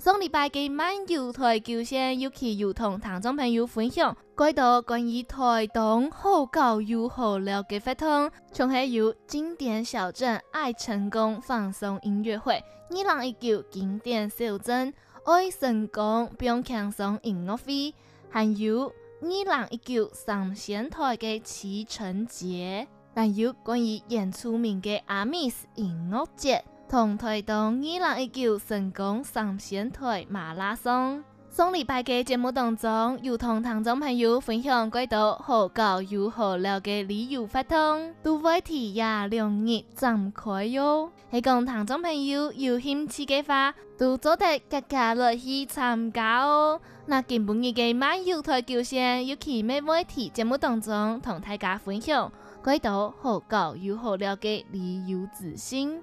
上禮拜幾晚，慢遊台九線尤其與同聽眾朋友分享幾多關於台東好搞又好料嘅活動，仲係有經典小鎮愛成功放鬆音樂會，二零一九經典小鎮愛成功不用輕鬆音樂會，還有二零一九上仙台嘅臍橙節，還有關於演出名嘅阿米斯音樂節。同台東二零一九成功上仙台馬拉松。上禮拜嘅節目當中，有同聽眾朋友分享軌島好搞又好料嘅旅遊活動。都會提廿兩日展開喲。係講聽眾朋友有興趣嘅話，都組織大家樂意參加哦。那近半夜嘅漫遊台9線有尤其咩話題節目當中，同大家分享軌島好搞又好料嘅旅遊資訊。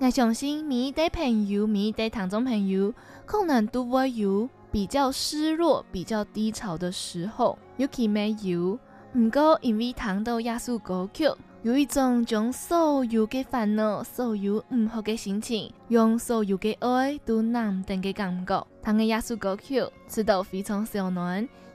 我相信，每一對朋友，每一對聽眾朋友，可能都會有比較失落、比較低潮的時候，尤其沒有。不過，因為聽到耶穌歌曲，有一種將所有嘅煩惱、所有唔好嘅心情，用所有嘅愛都難頂嘅感覺。聽嘅耶穌歌曲，是到非常柔軟。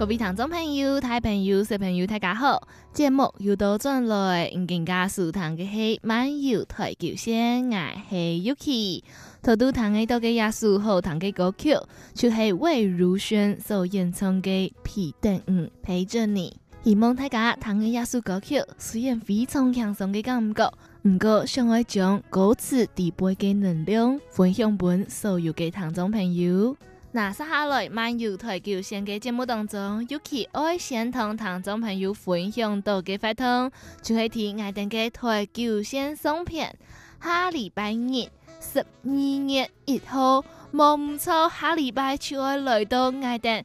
各位聽眾朋友，大朋友、小朋友大家好，節目又到轉來，更加舒暢的戲，漫遊台球星我係 Yuki，頭都談嘅都係雅思，後，談嘅歌曲就係魏如萱所演唱的，嗯《皮蛋五陪着你》，希望大家談嘅雅思歌曲雖然非常輕鬆的感覺，唔過，唔過想愛將歌詞搭配的能量分享本所有嘅聽眾朋友。那接下來南迴台9線的節目當中尤其 Yuki 愛想同聽眾朋友分享到的法通，就係提我哋嘅台9線送片，下禮拜日十二月一號，望唔錯，下禮拜就去來到我哋。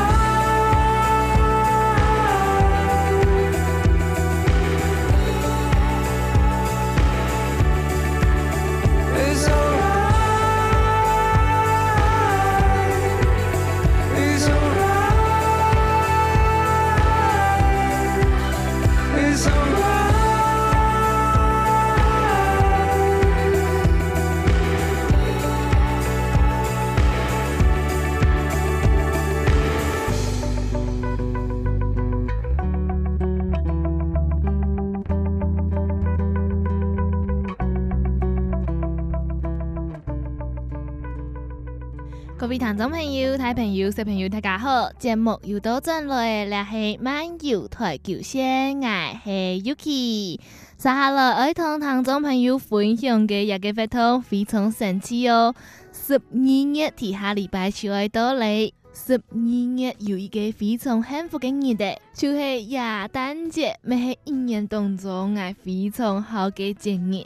聽眾朋友，大朋友，小朋友大家好，節目又多進來，來係慢搖台，叫聲，我係 Yuki。接下來，要同聽眾朋友分享嘅一個活動，非常神奇哦。十二月，底，下禮拜就來到嘞。十二月，有一個非常幸福嘅日子，就係元旦節，係一年當中我非常好嘅節日。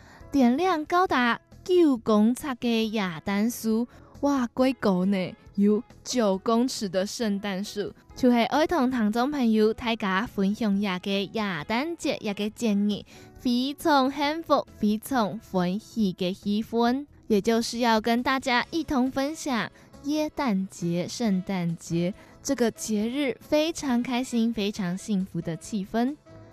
點亮高達九公尺嘅亞丹樹哇！幾高呢？有九公尺的聖誕樹，就係愛同台中朋友大家分享亞嘅亞丹節一個節日，非常幸福、非常歡喜嘅氣氛。也就是要跟大家一同分享耶誕節、聖誕節這個節日，非常開心、非常幸福的氣氛。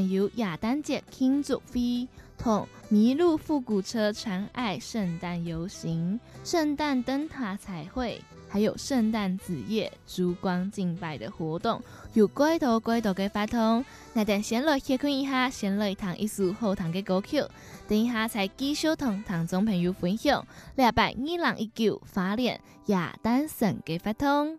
有雅丹節慶祝會、同麋鹿復古車長愛、聖誕遊行、聖誕燈塔彩繪，還有聖誕子夜燭光敬拜的活動。有乖頭乖頭嘅發通，那咱先來先看一下，先來唱一首好聽嘅歌曲，等一下再繼續同堂眾朋友分享禮拜二郎一九，發連雅丹神嘅發通。